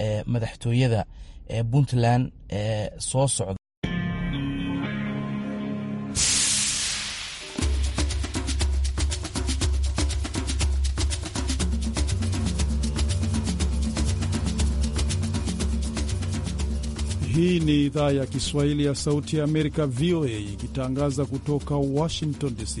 Ee, madaxtooyada ee Puntland ee soo socda. Hii ni idhaa ya Kiswahili ya Sauti ya Amerika, VOA, ikitangaza kutoka Washington DC.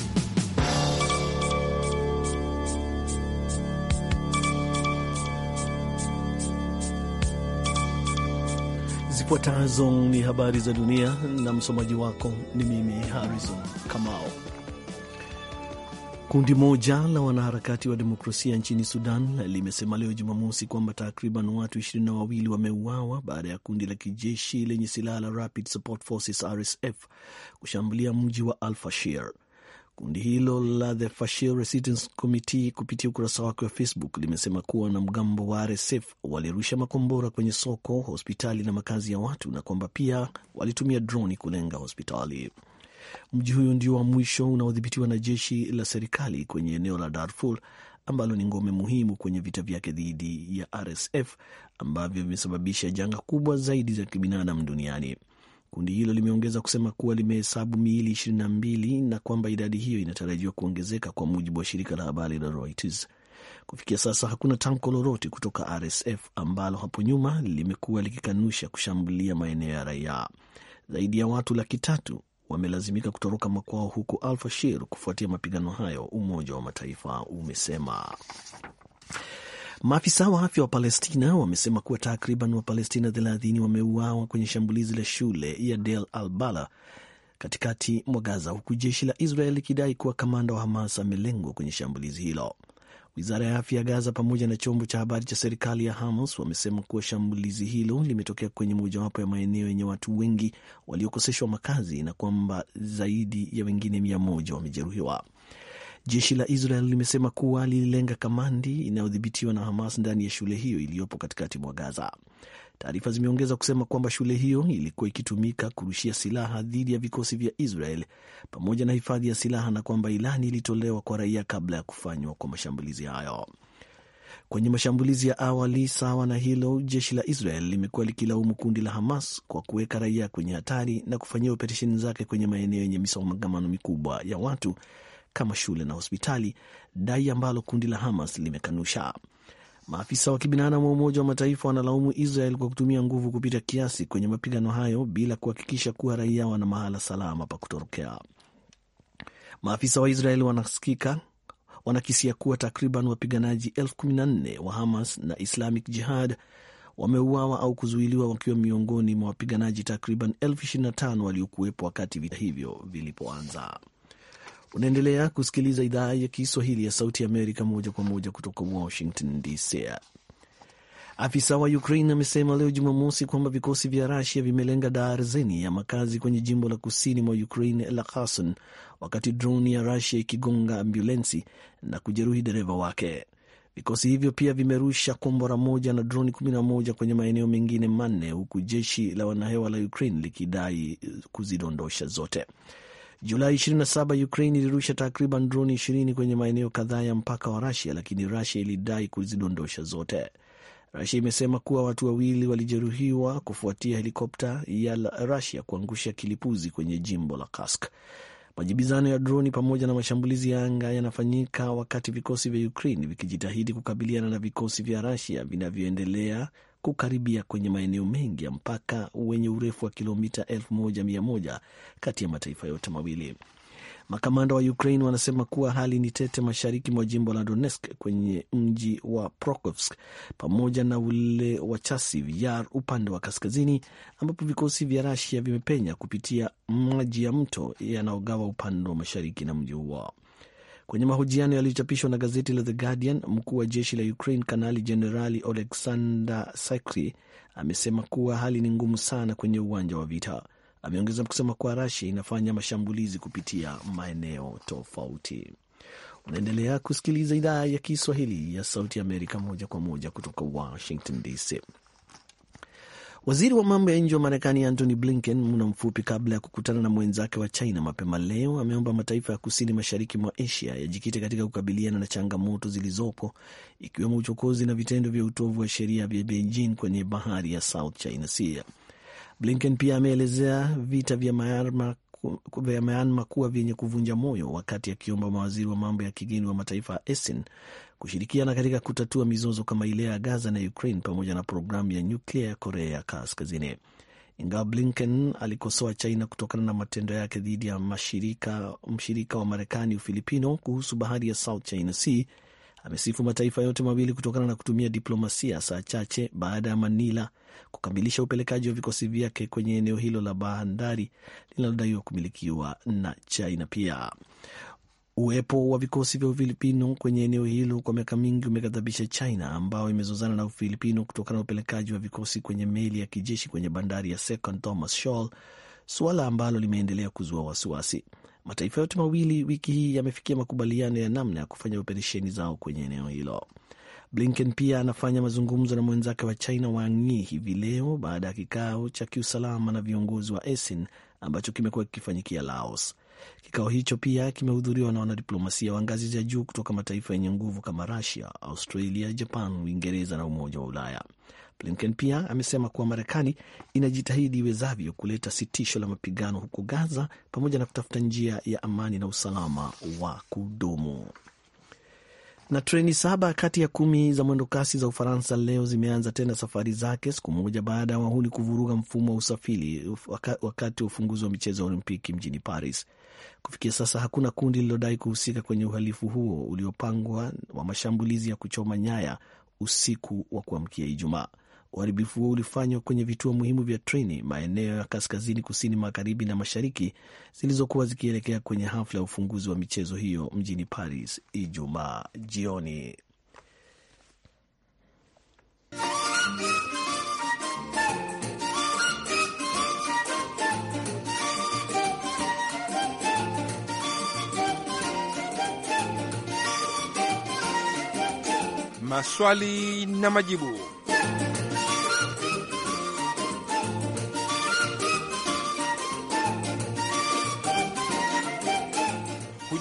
Zifuatazo ni habari za dunia na msomaji wako ni mimi Harrison Kamao. Kundi moja la wanaharakati wa demokrasia nchini Sudan limesema leo Jumamosi kwamba takriban watu ishirini na wawili wameuawa baada ya kundi la kijeshi lenye silaha la Rapid Support Forces RSF kushambulia mji wa alfashir Kundi hilo la The Fashil Resistance Committee kupitia ukurasa wake wa Facebook limesema kuwa wanamgambo wa RSF walirusha makombora kwenye soko, hospitali na makazi ya watu na kwamba pia walitumia droni kulenga hospitali. Mji huyo ndio wa mwisho unaodhibitiwa na jeshi la serikali kwenye eneo la Darfur ambalo ni ngome muhimu kwenye vita vyake dhidi ya RSF ambavyo vimesababisha janga kubwa zaidi za kibinadamu duniani. Kundi hilo limeongeza kusema kuwa limehesabu miili 22 na kwamba idadi hiyo inatarajiwa kuongezeka kwa mujibu wa shirika la habari la Reuters. Kufikia sasa hakuna tamko lolote kutoka RSF ambalo hapo nyuma limekuwa likikanusha kushambulia maeneo ya raia. Zaidi ya watu laki tatu wamelazimika kutoroka makwao huko Alfashir kufuatia mapigano hayo, Umoja wa Mataifa umesema. Maafisa wa afya wa Palestina wamesema kuwa takriban Wapalestina 30 wameuawa kwenye shambulizi la shule ya del al Bala katikati mwa Gaza, huku jeshi la Israel likidai kuwa kamanda wa Hamas amelengwa kwenye shambulizi hilo. Wizara ya afya ya Gaza pamoja na chombo cha habari cha serikali ya Hamas wamesema kuwa shambulizi hilo limetokea kwenye mojawapo ya maeneo yenye watu wengi waliokoseshwa makazi na kwamba zaidi ya wengine mia moja wamejeruhiwa. Jeshi la Israel limesema kuwa lililenga kamandi inayodhibitiwa na Hamas ndani ya shule hiyo iliyopo katikati mwa Gaza. Taarifa zimeongeza kusema kwamba shule hiyo ilikuwa ikitumika kurushia silaha dhidi ya vikosi vya Israel pamoja na hifadhi ya silaha na kwamba ilani ilitolewa kwa raia kabla ya kufanywa kwa mashambulizi hayo. Kwenye mashambulizi ya awali sawa na hilo, jeshi la Israel limekuwa likilaumu kundi la Hamas kwa kuweka raia kwenye hatari na kufanyia operesheni zake kwenye maeneo yenye misongamano mikubwa ya watu kama shule na hospitali, dai ambalo kundi la Hamas limekanusha. Maafisa wa kibinadamu wa Umoja wa Mataifa wanalaumu Israel kwa kutumia nguvu kupita kiasi kwenye mapigano hayo bila kuhakikisha kuwa raia wana mahala salama pa kutorokea. Maafisa wa Israel wanasikika wanakisia kuwa takriban wapiganaji elfu kumi na nne wa Hamas na Islamic Jihad wameuawa au kuzuiliwa wakiwa miongoni mwa wapiganaji takriban elfu ishirini na tano waliokuwepo wakati vita hivyo vilipoanza. Unaendelea kusikiliza idhaa ya Kiswahili ya Sauti ya Amerika moja kwa moja kutoka Washington DC. Afisa wa Ukraine amesema leo Jumamosi kwamba vikosi vya Rusia vimelenga darzeni ya makazi kwenye jimbo la kusini mwa Ukraine la Kherson, wakati droni ya Rusia ikigonga ambulensi na kujeruhi dereva wake. Vikosi hivyo pia vimerusha kombora moja na droni 11 kwenye maeneo mengine manne, huku jeshi la wanahewa la Ukraine likidai kuzidondosha zote. Julai 27 Ukraine ilirusha takriban droni 20 kwenye maeneo kadhaa ya mpaka wa Rusia, lakini Rusia ilidai kuzidondosha zote. Rusia imesema kuwa watu wawili walijeruhiwa kufuatia helikopta ya Rusia kuangusha kilipuzi kwenye jimbo la Kursk. Majibizano ya droni pamoja na mashambulizi ya anga yanafanyika wakati vikosi vya Ukraine vikijitahidi kukabiliana na vikosi vya Rusia vinavyoendelea kukaribia kwenye maeneo mengi ya mpaka wenye urefu wa kilomita 1100 kati ya mataifa yote mawili. Makamanda wa Ukraine wanasema kuwa hali ni tete mashariki mwa jimbo la Donetsk kwenye mji wa Prokovsk pamoja na ule wa Chasiv Yar upande wa kaskazini, ambapo vikosi vya Rasia vimepenya kupitia maji ya mto yanaogawa upande wa mashariki na mji huo. Kwenye mahojiano yaliyochapishwa na gazeti la The Guardian, mkuu wa jeshi la Ukraine Kanali Jenerali Oleksandr Sikri amesema kuwa hali ni ngumu sana kwenye uwanja wa vita. Ameongeza kusema kuwa Rasia inafanya mashambulizi kupitia maeneo tofauti. Unaendelea kusikiliza idhaa ya Kiswahili ya Sauti Amerika moja kwa moja kutoka Washington DC. Waziri wa mambo ya nje wa Marekani Antony Blinken, muda mfupi kabla ya kukutana na mwenzake wa China mapema leo, ameomba mataifa ya kusini mashariki mwa Asia yajikite katika kukabiliana na changamoto zilizopo ikiwemo uchokozi na vitendo vya utovu wa sheria vya Beijing kwenye bahari ya South China Sea. Blinken pia ameelezea vita vya Myanmar vya Myanmar kuwa vyenye kuvunja moyo, wakati akiomba mawaziri wa mambo ya kigeni wa mataifa ya ASEAN kushirikiana katika kutatua mizozo kama ile ya Gaza na Ukraine pamoja na programu ya nyuklia ya Korea ya Kaskazini. Ingawa Blinken alikosoa China kutokana na matendo yake dhidi ya mashirika mshirika wa Marekani, Ufilipino, kuhusu bahari ya South China Sea amesifu mataifa yote mawili kutokana na kutumia diplomasia saa chache baada ya Manila kukamilisha upelekaji wa vikosi vyake kwenye eneo hilo la bandari linalodaiwa kumilikiwa na China. Pia uwepo wa vikosi vya Ufilipino kwenye eneo hilo kwa miaka mingi umeghadhabisha China ambayo imezozana na Ufilipino kutokana na upelekaji wa vikosi kwenye meli ya kijeshi kwenye bandari ya Second Thomas Shoal, suala ambalo limeendelea kuzua wasiwasi. Mataifa yote mawili wiki hii yamefikia makubaliano ya namna ya kufanya operesheni zao kwenye eneo hilo. Blinken pia anafanya mazungumzo na mwenzake wa China Wang Yi hivi leo baada ya kikao cha kiusalama na viongozi wa ASEAN ambacho kimekuwa kikifanyikia Laos. Kikao hicho pia kimehudhuriwa na wanadiplomasia wa ngazi za juu kutoka mataifa yenye nguvu kama Russia, Australia, Japan, Uingereza na Umoja wa Ulaya. Blinken pia amesema kuwa Marekani inajitahidi iwezavyo kuleta sitisho la mapigano huko Gaza pamoja na kutafuta njia ya amani na usalama wa kudumu. Na treni saba kati ya kumi za mwendokasi za Ufaransa leo zimeanza tena safari zake siku moja baada ya wahuni kuvuruga mfumo wa usafiri wakati wa ufunguzi wa michezo ya Olimpiki mjini Paris. Kufikia sasa hakuna kundi lililodai kuhusika kwenye uhalifu huo uliopangwa wa mashambulizi ya kuchoma nyaya usiku wa kuamkia Ijumaa. Uharibifu huo ulifanywa kwenye vituo muhimu vya treni maeneo ya kaskazini, kusini, magharibi na mashariki zilizokuwa zikielekea kwenye hafla ya ufunguzi wa michezo hiyo mjini Paris Ijumaa jioni. Maswali na majibu.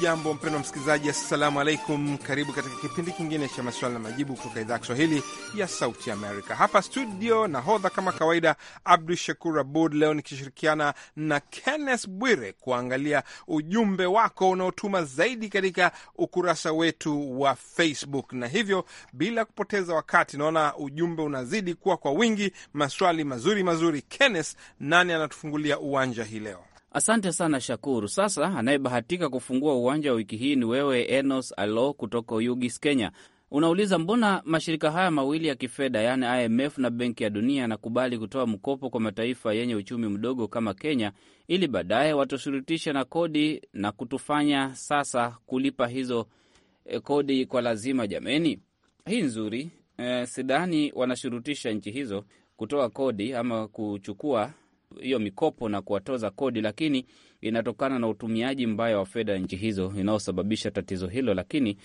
Hujambo mpendwa msikilizaji, assalamu alaikum. Karibu katika kipindi kingine cha maswali na majibu kutoka idhaa ya Kiswahili ya Sauti Amerika. Hapa studio nahodha kama kawaida, Abdu Shakur Abud, leo nikishirikiana na Kenneth Bwire kuangalia ujumbe wako unaotuma zaidi katika ukurasa wetu wa Facebook. Na hivyo bila kupoteza wakati, naona ujumbe unazidi kuwa kwa wingi, maswali mazuri mazuri. Kenneth, nani anatufungulia uwanja hii leo? Asante sana Shakuru. Sasa anayebahatika kufungua uwanja wa wiki hii ni wewe Enos Alo kutoka Ugis, Kenya. Unauliza, mbona mashirika haya mawili ya kifedha yaani IMF na Benki ya Dunia yanakubali kutoa mkopo kwa mataifa yenye uchumi mdogo kama Kenya ili baadaye watushurutishe na kodi na kutufanya sasa kulipa hizo eh, kodi kwa lazima? Jameni, hii nzuri E, sidhani wanashurutisha nchi hizo kutoa kodi ama kuchukua hiyo mikopo na kuwatoza kodi, lakini inatokana na utumiaji mbaya wa fedha nchi hizo inayosababisha tatizo hilo. Lakini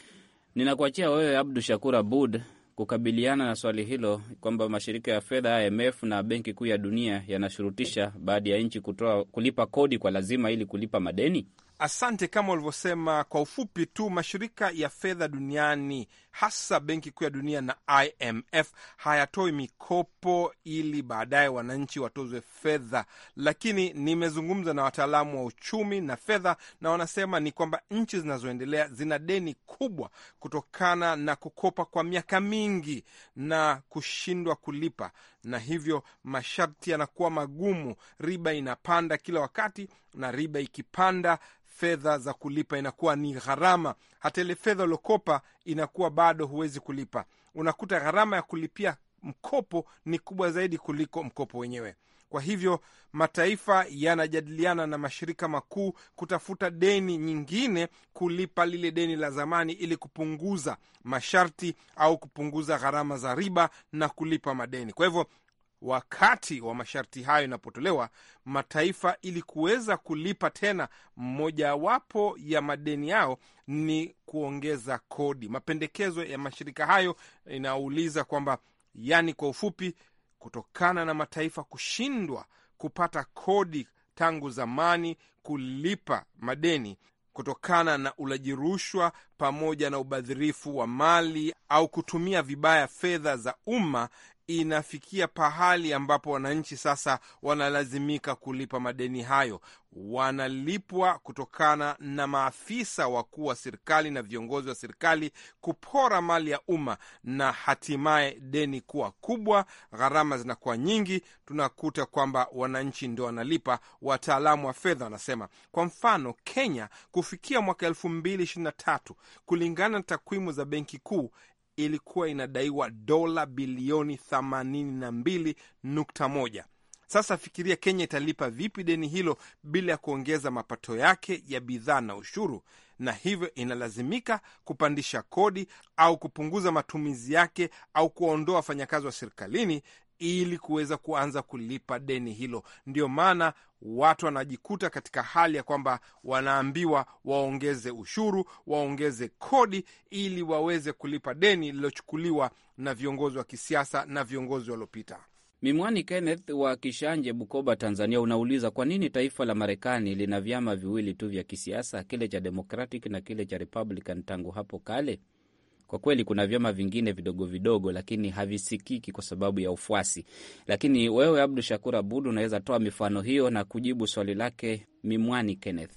ninakuachia wewe Abdu Shakur Abud kukabiliana na swali hilo kwamba mashirika ya fedha IMF na Benki Kuu ya Dunia yanashurutisha baadhi ya nchi kutoa kulipa kodi kwa lazima ili kulipa madeni. Asante. Kama ulivyosema, kwa ufupi tu, mashirika ya fedha duniani hasa Benki Kuu ya Dunia na IMF hayatoi mikopo ili baadaye wananchi watozwe fedha, lakini nimezungumza na wataalamu wa uchumi na fedha na wanasema ni kwamba nchi zinazoendelea zina deni kubwa kutokana na kukopa kwa miaka mingi na kushindwa kulipa, na hivyo masharti yanakuwa magumu. Riba inapanda kila wakati, na riba ikipanda, fedha za kulipa inakuwa ni gharama. Hata ile fedha uliokopa inakuwa bado huwezi kulipa, unakuta gharama ya kulipia mkopo ni kubwa zaidi kuliko mkopo wenyewe. Kwa hivyo mataifa yanajadiliana na mashirika makuu kutafuta deni nyingine kulipa lile deni la zamani, ili kupunguza masharti au kupunguza gharama za riba na kulipa madeni. Kwa hivyo wakati wa masharti hayo inapotolewa, mataifa ili kuweza kulipa tena, mojawapo ya madeni yao ni kuongeza kodi. Mapendekezo ya mashirika hayo inauliza kwamba, yani, kwa ufupi kutokana na mataifa kushindwa kupata kodi tangu zamani, kulipa madeni kutokana na ulaji rushwa pamoja na ubadhirifu wa mali au kutumia vibaya fedha za umma inafikia pahali ambapo wananchi sasa wanalazimika kulipa madeni hayo. Wanalipwa kutokana na maafisa wakuu wa serikali na viongozi wa serikali kupora mali ya umma, na hatimaye deni kuwa kubwa, gharama zinakuwa nyingi. Tunakuta kwamba wananchi ndio wanalipa. Wataalamu wa fedha wanasema, kwa mfano Kenya, kufikia mwaka elfu mbili ishirini na tatu kulingana na takwimu za benki kuu ilikuwa inadaiwa dola bilioni 82.1. Sasa fikiria Kenya italipa vipi deni hilo bila ya kuongeza mapato yake ya bidhaa na ushuru, na hivyo inalazimika kupandisha kodi au kupunguza matumizi yake au kuwaondoa wafanyakazi wa serikalini ili kuweza kuanza kulipa deni hilo. Ndio maana watu wanajikuta katika hali ya kwamba wanaambiwa waongeze ushuru, waongeze kodi ili waweze kulipa deni lililochukuliwa na viongozi wa kisiasa na viongozi waliopita. Mimwani Kenneth wa Kishanje, Bukoba, Tanzania, unauliza kwa nini taifa la Marekani lina vyama viwili tu vya kisiasa, kile cha Democratic na kile cha Republican tangu hapo kale. Kwa kweli kuna vyama vingine vidogo vidogo, lakini havisikiki kwa sababu ya ufuasi. Lakini wewe Abdu Shakur Abud unaweza toa mifano hiyo na kujibu swali lake Mimwani Kenneth.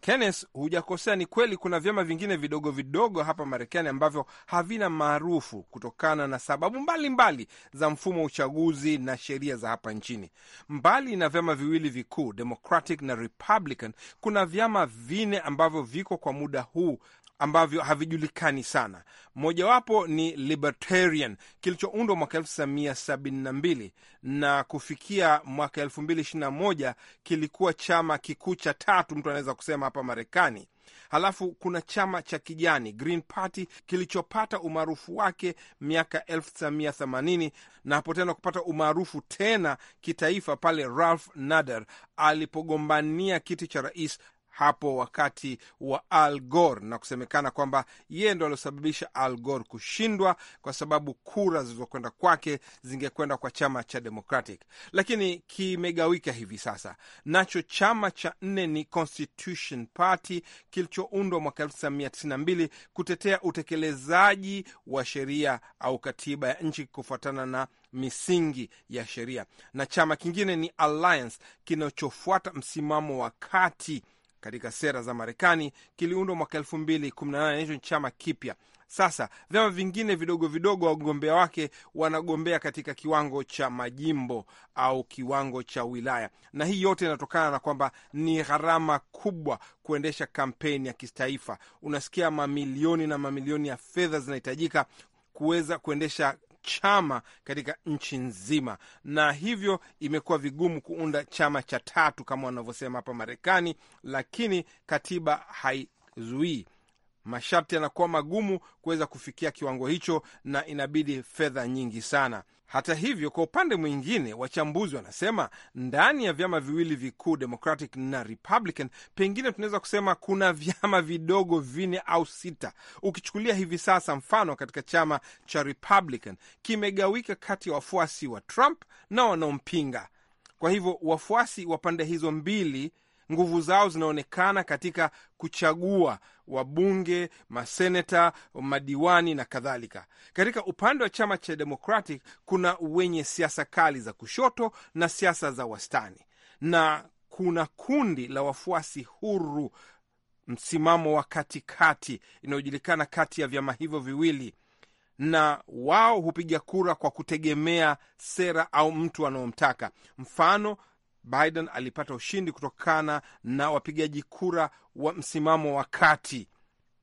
Kenneth, hujakosea. Ni kweli kuna vyama vingine vidogo vidogo hapa Marekani ambavyo havina maarufu kutokana na sababu mbalimbali mbali za mfumo wa uchaguzi na sheria za hapa nchini. Mbali na vyama viwili vikuu Democratic na Republican, kuna vyama vine ambavyo viko kwa muda huu ambavyo havijulikani sana. Mojawapo ni Libertarian kilichoundwa mwaka 1972 na kufikia mwaka 2021 kilikuwa chama kikuu cha tatu, mtu anaweza kusema hapa Marekani. Halafu kuna chama cha kijani Green Party kilichopata umaarufu wake miaka 1980 na hapo tena kupata umaarufu tena kitaifa pale Ralph Nader alipogombania kiti cha rais hapo wakati wa Al Gore, na kusemekana kwamba yeye ndo aliosababisha Al Gore kushindwa kwa sababu kura zilizokwenda kwake zingekwenda kwa chama cha Democratic, lakini kimegawika hivi sasa. Nacho chama cha nne ni Constitution Party kilichoundwa mwaka 1992 kutetea utekelezaji wa sheria au katiba ya nchi kufuatana na misingi ya sheria, na chama kingine ni Alliance kinachofuata msimamo wa kati katika sera za Marekani kiliundwa mwaka elfu mbili kumi na nane hicho ni chama kipya. Sasa vyama vingine vidogo vidogo, wagombea wake wanagombea katika kiwango cha majimbo au kiwango cha wilaya, na hii yote inatokana na kwamba ni gharama kubwa kuendesha kampeni ya kitaifa. Unasikia mamilioni na mamilioni ya fedha zinahitajika kuweza kuendesha chama katika nchi nzima, na hivyo imekuwa vigumu kuunda chama cha tatu kama wanavyosema hapa Marekani, lakini katiba haizuii masharti yanakuwa magumu kuweza kufikia kiwango hicho, na inabidi fedha nyingi sana. Hata hivyo, kwa upande mwingine, wachambuzi wanasema ndani ya vyama viwili vikuu Democratic na Republican, pengine tunaweza kusema kuna vyama vidogo vinne au sita. Ukichukulia hivi sasa, mfano katika chama cha Republican kimegawika kati ya wafuasi wa Trump na wanaompinga. Kwa hivyo wafuasi wa pande hizo mbili nguvu zao zinaonekana katika kuchagua wabunge, maseneta, madiwani na kadhalika. Katika upande wa chama cha Democratic kuna wenye siasa kali za kushoto na siasa za wastani, na kuna kundi la wafuasi huru, msimamo wa katikati inayojulikana kati ya vyama hivyo viwili na wao hupiga kura kwa kutegemea sera au mtu anaomtaka. Mfano, Biden alipata ushindi kutokana na wapigaji kura wa msimamo wa kati.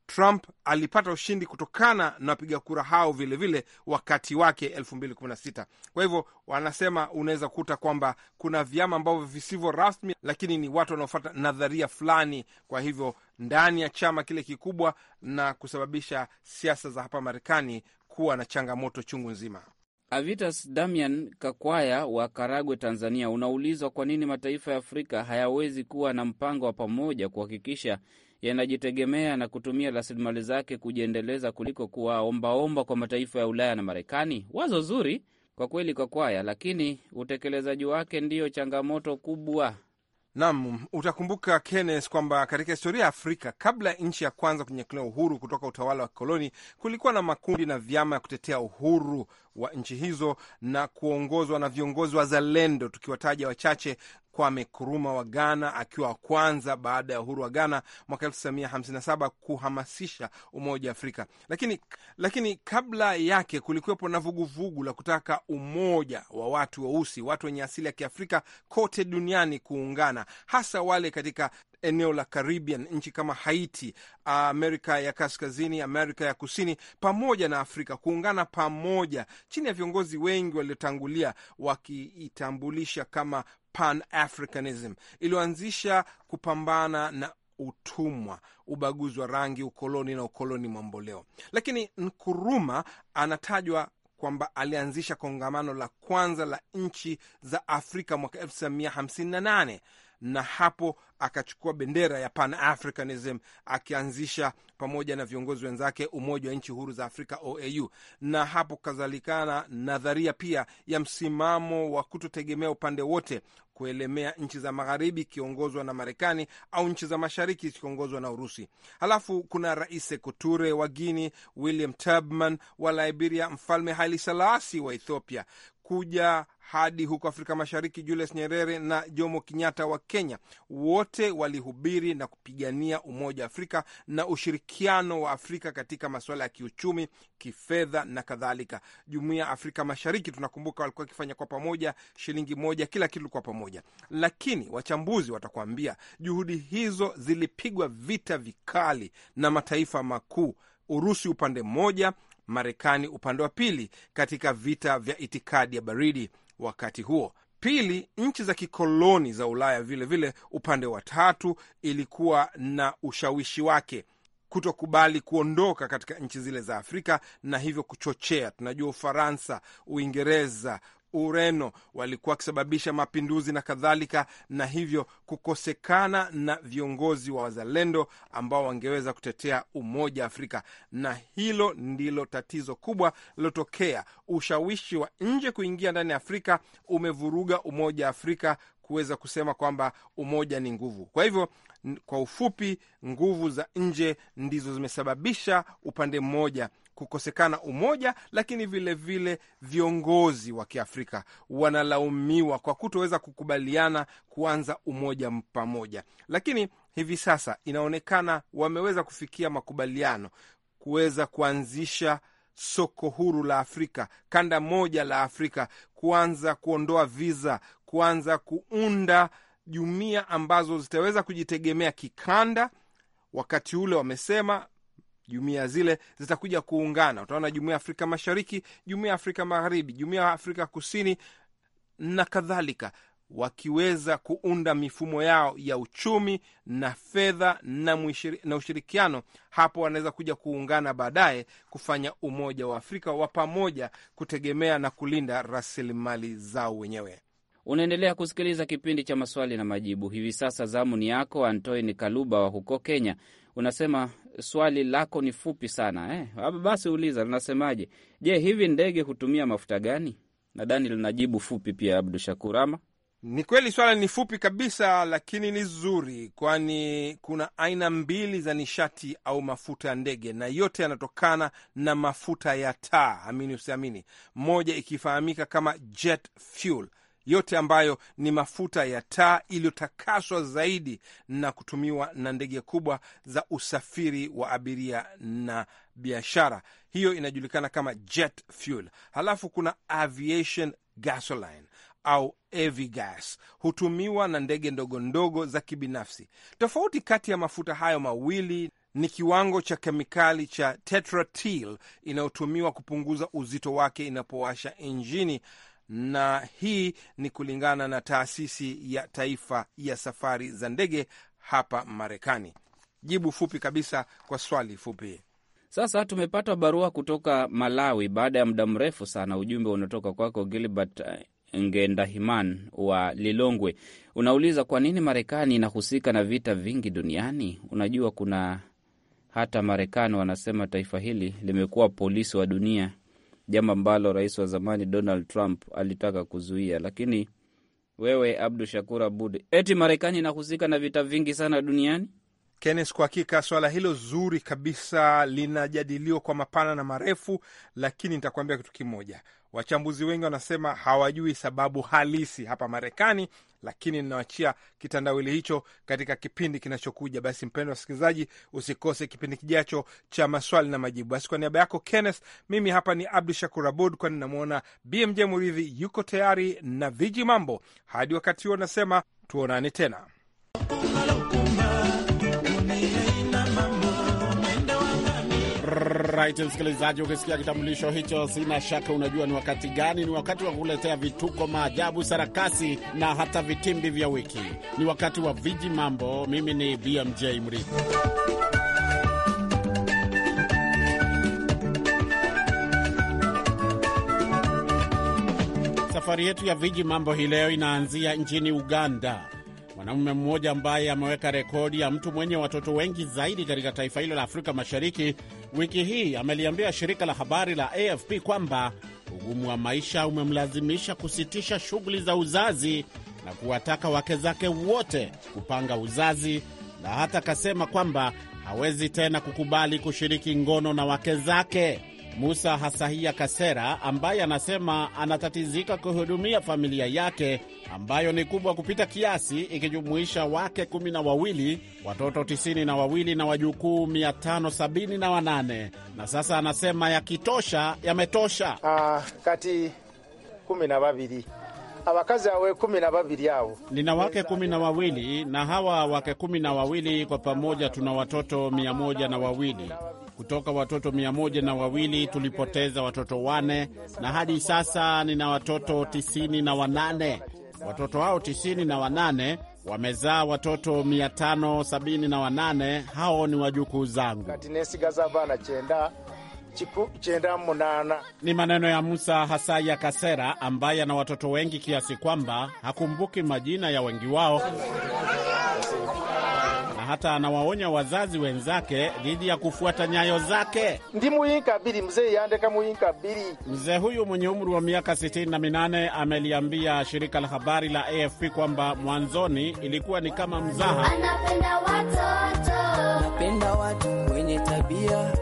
Trump alipata ushindi kutokana na wapiga kura hao vilevile vile wakati wake 2016. Kwa hivyo wanasema unaweza kukuta kwamba kuna vyama ambavyo visivyo rasmi, lakini ni watu wanaofuata nadharia fulani, kwa hivyo ndani ya chama kile kikubwa, na kusababisha siasa za hapa Marekani kuwa na changamoto chungu nzima. Avitas Damian Kakwaya wa Karagwe, Tanzania, unaulizwa kwa nini mataifa ya Afrika hayawezi kuwa na mpango wa pamoja kuhakikisha yanajitegemea na kutumia rasilimali zake kujiendeleza kuliko kuwaombaomba kwa mataifa ya Ulaya na Marekani. Wazo zuri kwa kweli, Kakwaya, lakini utekelezaji wake ndiyo changamoto kubwa. Nam, utakumbuka Kenneth, kwamba katika historia ya Afrika kabla ya nchi ya kwanza kunyakulia uhuru kutoka utawala wa kikoloni, kulikuwa na makundi na vyama ya kutetea uhuru wa nchi hizo na kuongozwa na viongozi wazalendo, tukiwataja wachache Kwame Kuruma wa Ghana akiwa wa kwanza baada ya uhuru wa Ghana mwaka 1957 kuhamasisha umoja wa Afrika. Lakini, lakini kabla yake kulikuwepo na vuguvugu la kutaka umoja wa watu weusi wa watu wenye asili ya Kiafrika kote duniani kuungana, hasa wale katika eneo la Caribbean, nchi kama Haiti, Amerika ya Kaskazini, Amerika ya Kusini pamoja na Afrika kuungana pamoja chini ya viongozi wengi waliotangulia wakiitambulisha kama Pan Africanism iliyoanzisha kupambana na utumwa, ubaguzi wa rangi, ukoloni na ukoloni mamboleo. Lakini Nkuruma anatajwa kwamba alianzisha kongamano la kwanza la nchi za Afrika mwaka 1958 na hapo akachukua bendera ya Pan Africanism akianzisha pamoja na viongozi wenzake Umoja wa Nchi Huru za Afrika, OAU, na hapo kazalikana nadharia pia ya msimamo wa kutotegemea upande wote kuelemea nchi za magharibi ikiongozwa na Marekani au nchi za mashariki zikiongozwa na Urusi. Halafu kuna Rais Couture wa Guini, William Tubman wa Liberia, Mfalme Haile Selassie wa Ethiopia kuja hadi huko Afrika Mashariki, Julius Nyerere na Jomo Kenyatta wa Kenya, wote walihubiri na kupigania umoja wa Afrika na ushirikiano wa Afrika katika masuala ya kiuchumi, kifedha na kadhalika. Jumuiya ya Afrika Mashariki tunakumbuka walikuwa wakifanya kwa pamoja, shilingi moja, kila kitu kwa pamoja. Lakini wachambuzi watakuambia juhudi hizo zilipigwa vita vikali na mataifa makuu Urusi upande mmoja, Marekani upande wa pili katika vita vya itikadi ya baridi wakati huo. Pili, nchi za kikoloni za Ulaya vilevile vile, upande wa tatu ilikuwa na ushawishi wake kutokubali kuondoka katika nchi zile za Afrika na hivyo kuchochea. Tunajua Ufaransa, Uingereza, Ureno walikuwa wakisababisha mapinduzi na kadhalika, na hivyo kukosekana na viongozi wa wazalendo ambao wangeweza kutetea umoja wa Afrika. Na hilo ndilo tatizo kubwa lilotokea. Ushawishi wa nje kuingia ndani ya Afrika umevuruga umoja wa Afrika kuweza kusema kwamba umoja ni nguvu. Kwa hivyo, kwa ufupi, nguvu za nje ndizo zimesababisha upande mmoja kukosekana umoja, lakini vilevile vile viongozi wa Kiafrika wanalaumiwa kwa kutoweza kukubaliana kuanza umoja pamoja, lakini hivi sasa inaonekana wameweza kufikia makubaliano kuweza kuanzisha soko huru la Afrika, kanda moja la Afrika, kuanza kuondoa viza, kuanza kuunda jumuiya ambazo zitaweza kujitegemea kikanda. Wakati ule wamesema jumuia zile zitakuja kuungana. Utaona jumuia ya Afrika Mashariki, jumuia ya Afrika Magharibi, jumuiya ya Afrika Kusini na kadhalika, wakiweza kuunda mifumo yao ya uchumi na fedha na ushirikiano, hapo wanaweza kuja kuungana baadaye kufanya umoja wa Afrika wa pamoja, kutegemea na kulinda rasilimali zao wenyewe. Unaendelea kusikiliza kipindi cha maswali na majibu. Hivi sasa zamu ni yako Antoine Kaluba wa huko Kenya unasema swali lako ni fupi sana eh? Basi uliza, linasemaje? Je, hivi ndege hutumia mafuta gani? Nadhani linajibu fupi pia. Abdu Shakur, ama ni kweli swala ni fupi kabisa, lakini ni zuri, kwani kuna aina mbili za nishati au mafuta ya ndege, na yote yanatokana na mafuta ya taa, amini usiamini, moja ikifahamika kama jet fuel yote ambayo ni mafuta ya taa iliyotakaswa zaidi na kutumiwa na ndege kubwa za usafiri wa abiria na biashara. Hiyo inajulikana kama jet fuel. Halafu kuna aviation gasoline au avgas hutumiwa na ndege ndogo ndogo za kibinafsi. Tofauti kati ya mafuta hayo mawili ni kiwango cha kemikali cha tetratil inayotumiwa kupunguza uzito wake inapowasha injini na hii ni kulingana na taasisi ya taifa ya safari za ndege hapa Marekani. Jibu fupi kabisa kwa swali fupi. Sasa tumepata barua kutoka Malawi baada ya muda mrefu sana. Ujumbe unatoka kwako Gilbert eh, Ngendahiman wa Lilongwe, unauliza kwa nini Marekani inahusika na vita vingi duniani. Unajua kuna hata Marekani wanasema taifa hili limekuwa polisi wa dunia jambo ambalo rais wa zamani Donald Trump alitaka kuzuia. Lakini wewe Abdu Shakur Abud, eti Marekani inahusika na vita vingi sana duniani? Kennes, kwa hakika swala hilo zuri kabisa linajadiliwa kwa mapana na marefu, lakini nitakuambia kitu kimoja. Wachambuzi wengi wanasema hawajui sababu halisi hapa Marekani, lakini ninawachia kitandawili hicho katika kipindi kinachokuja. Basi mpendwa wasikilizaji, usikose kipindi kijacho cha maswali na majibu. Basi kwa niaba yako Kennes, mimi hapa ni Abdu Shakur Abud, kwani namwona BMJ Muridhi yuko tayari na viji mambo. Hadi wakati huo, nasema tuonane tena. right, msikilizaji, ukisikia kitambulisho hicho, sina shaka unajua ni wakati gani. Ni wakati wa kuletea vituko, maajabu, sarakasi na hata vitimbi vya wiki. Ni wakati wa viji mambo. Mimi ni BMJ Mridhi. Safari yetu ya viji mambo hii leo inaanzia nchini Uganda. Mwanamume mmoja ambaye ameweka rekodi ya mtu mwenye watoto wengi zaidi katika taifa hilo la Afrika Mashariki wiki hii ameliambia shirika la habari la AFP kwamba ugumu wa maisha umemlazimisha kusitisha shughuli za uzazi na kuwataka wake zake wote kupanga uzazi, na hata akasema kwamba hawezi tena kukubali kushiriki ngono na wake zake. Musa Hasahia Kasera ambaye anasema anatatizika kuhudumia familia yake ambayo ni kubwa kupita kiasi ikijumuisha wake kumi na wawili, watoto tisini na wawili na wajukuu mia tano sabini na wanane na sasa anasema yakitosha yametosha. Uh, kati kumi na wawili abakazi awe kumi na nina wake kumi na wawili na hawa wake kumi na wawili kwa pamoja tuna watoto mia moja na wawili kutoka watoto mia moja na wawili tulipoteza watoto wane, na hadi sasa nina watoto tisini na wanane. Watoto hao tisini na wanane wamezaa watoto mia tano sabini na wanane. Hao ni wajukuu zangu. Ni maneno ya Musa Hasaya Kasera ambaye ana watoto wengi kiasi kwamba hakumbuki majina ya wengi wao hata anawaonya wazazi wenzake dhidi ya kufuata nyayo zake. Ndi muinka bili mzee yandeka muinka bili. Mzee huyu mwenye umri wa miaka 68 ameliambia shirika la habari la AFP kwamba mwanzoni ilikuwa ni kama mzaha. Anapenda watoto. Anapenda watu wenye tabia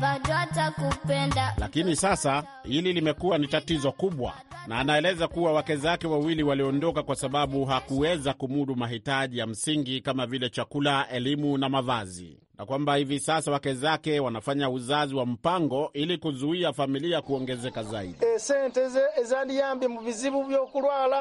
bado atakupenda. Lakini sasa hili limekuwa ni tatizo kubwa na anaeleza kuwa wake zake wawili waliondoka kwa sababu hakuweza kumudu mahitaji ya msingi kama vile chakula, elimu na mavazi, na kwamba hivi sasa wake zake wanafanya uzazi wa mpango ili kuzuia familia kuongezeka zaidi. Eh,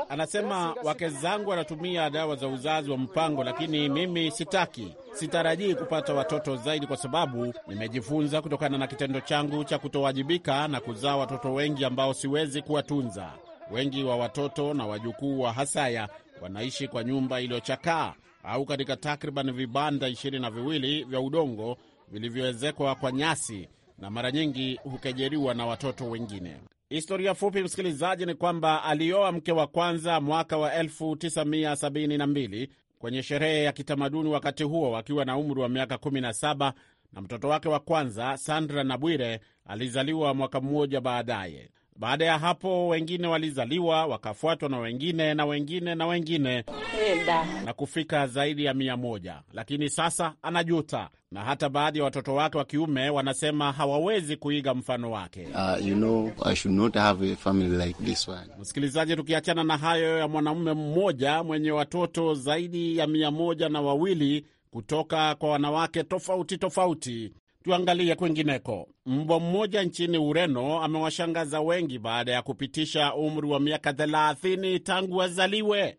Anasema, wake zangu wanatumia dawa za uzazi wa mpango, lakini mimi sitaki, sitarajii kupata watoto zaidi, kwa sababu nimejifunza kutokana na kitendo changu cha kutowajibika na kuzaa watoto wengi ambao siwezi kuwatunza. Wengi wa watoto na wajukuu wa Hasaya wanaishi kwa nyumba iliyochakaa au katika takriban vibanda ishirini na viwili vya udongo vilivyoezekwa kwa nyasi na mara nyingi hukejeriwa na watoto wengine. Historia fupi, msikilizaji, ni kwamba alioa mke wa kwanza mwaka wa 1972 kwenye sherehe ya kitamaduni wakati huo akiwa na umri wa miaka 17, na mtoto wake wa kwanza Sandra Nabwire alizaliwa mwaka mmoja baadaye. Baada ya hapo wengine walizaliwa wakafuatwa na wengine na wengine na wengine na kufika zaidi ya mia moja, lakini sasa anajuta na hata baadhi ya watoto wake wa kiume wanasema hawawezi kuiga mfano wake. Uh, you know, like Msikilizaji, tukiachana na hayo ya mwanamume mmoja mwenye watoto zaidi ya mia moja na wawili kutoka kwa wanawake tofauti tofauti, Tuangalie kwingineko. Mbwa mmoja nchini Ureno amewashangaza wengi baada ya kupitisha umri wa miaka 30 tangu azaliwe.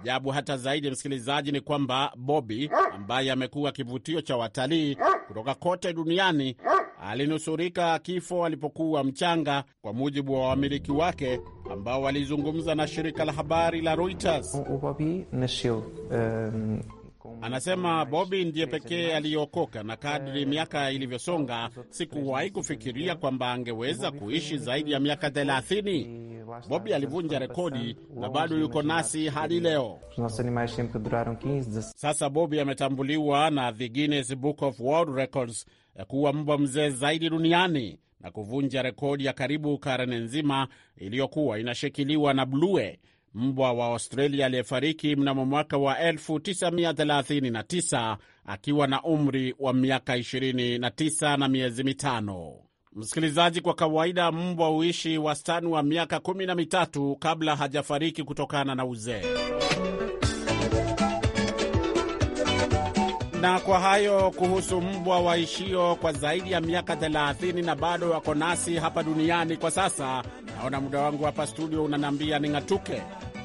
Ajabu hata zaidi, msikilizaji, ni kwamba Bobi ambaye amekuwa kivutio cha watalii kutoka kote duniani alinusurika kifo alipokuwa mchanga, kwa mujibu wa wamiliki wake ambao walizungumza na shirika la habari la Reuters. Anasema Bobi ndiye pekee aliyeokoka, na kadri eh, miaka ilivyosonga, eh, sikuwahi kufikiria kwamba angeweza kuishi zaidi ya miaka thelathini. Bobi alivunja rekodi na bado yuko nasi hadi leo. Sasa Bobi ametambuliwa na The Guinness Book of World Records eh, kuwa mbwa mzee zaidi duniani na kuvunja rekodi ya karibu karne nzima iliyokuwa inashikiliwa na Blue mbwa wa Australia aliyefariki mnamo mwaka wa 1939 akiwa na umri wa miaka 29 na miezi mitano. Msikilizaji, kwa kawaida mbwa huishi wastani wa miaka kumi na mitatu kabla hajafariki kutokana na uzee. Na kwa hayo kuhusu mbwa waishio kwa zaidi ya miaka 30 na bado wako nasi hapa duniani kwa sasa, naona muda wangu hapa studio unaniambia ning'atuke.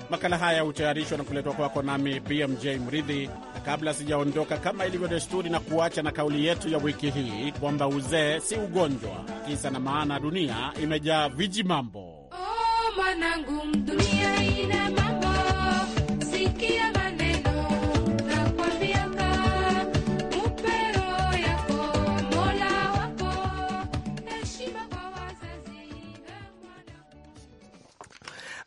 Makala haya hutayarishwa na kuletwa kwako nami BMJ Mridhi, na kabla sijaondoka, kama ilivyo desturi, na kuacha na kauli yetu ya wiki hii kwamba uzee si ugonjwa. Kisa na maana, dunia imejaa viji mambo. Oh, mwanangu, dunia ina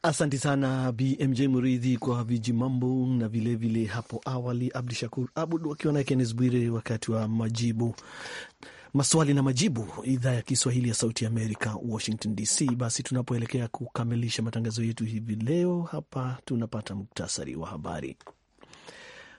Asante sana BMJ Muridhi kwa viji mambo na vilevile vile hapo awali Abdu Shakur Abud wakiwa naye Kennes Bwire wakati wa majibu maswali na majibu, idhaa ya Kiswahili ya Sauti ya Amerika, Washington DC. Basi tunapoelekea kukamilisha matangazo yetu hivi leo hapa, tunapata muktasari wa habari.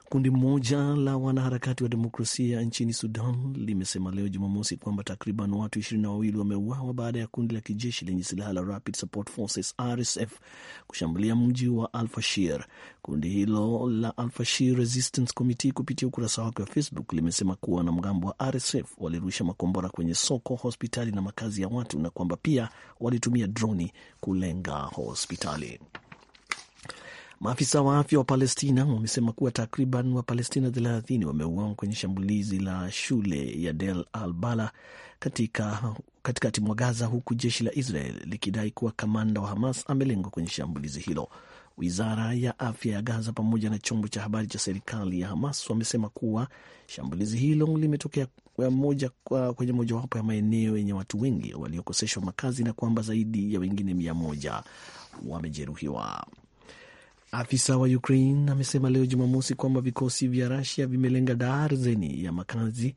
Kundi mmoja la wanaharakati wa demokrasia nchini Sudan limesema leo Jumamosi kwamba takriban watu ishirini na wawili wameuawa baada ya kundi la kijeshi lenye silaha la Rapid Support Forces RSF kushambulia mji wa Alfashir. Kundi hilo la Alfashir Resistance Committee kupitia ukurasa wake wa Facebook limesema kuwa wanamgambo wa RSF walirusha makombora kwenye soko, hospitali na makazi ya watu na kwamba pia walitumia droni kulenga hospitali. Maafisa wa afya wa Palestina wamesema kuwa takriban Wapalestina 30 wameuawa kwenye shambulizi la shule ya Del Al Bala katika katikati mwa Gaza, huku jeshi la Israel likidai kuwa kamanda wa Hamas amelengwa kwenye shambulizi hilo. Wizara ya afya ya Gaza pamoja na chombo cha habari cha serikali ya Hamas wamesema kuwa shambulizi hilo limetokea moja kwenye mojawapo ya maeneo yenye watu wengi waliokoseshwa makazi na kwamba zaidi ya wengine mia moja wamejeruhiwa. Afisa wa Ukraine amesema leo Jumamosi kwamba vikosi vya Rusia vimelenga darzeni ya makazi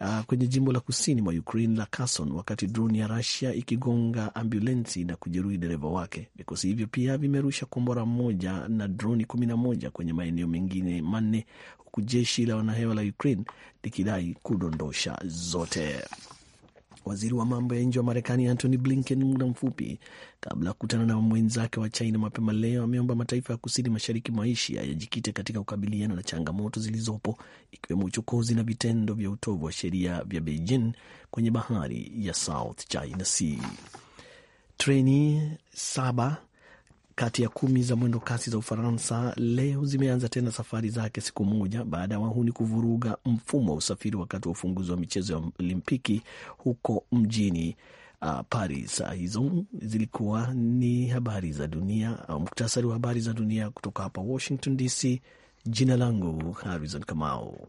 uh, kwenye jimbo la kusini mwa Ukraine la Kherson, wakati droni ya Rusia ikigonga ambulensi na kujeruhi dereva wake. Vikosi hivyo pia vimerusha kombora moja na droni kumi na moja kwenye maeneo mengine manne, huku jeshi la wanahewa la Ukraine likidai kudondosha zote waziri wa mambo ya nje wa Marekani Antony Blinken muda mfupi kabla ya kukutana na mwenzake wa China mapema leo, ameomba mataifa ya kusini mashariki mwa Asia yajikite katika kukabiliana na changamoto zilizopo ikiwemo uchokozi na vitendo vya utovu wa sheria vya Beijing kwenye bahari ya South China Sea. Treni saba kati ya kumi za mwendo kasi za Ufaransa leo zimeanza tena safari zake siku moja baada ya wahuni kuvuruga mfumo wa usafiri wakati wa ufunguzi wa michezo ya Olimpiki huko mjini uh, Paris. Hizo zilikuwa ni habari za dunia, au muktasari wa habari za dunia kutoka hapa Washington DC. Jina langu Harrison Kamau.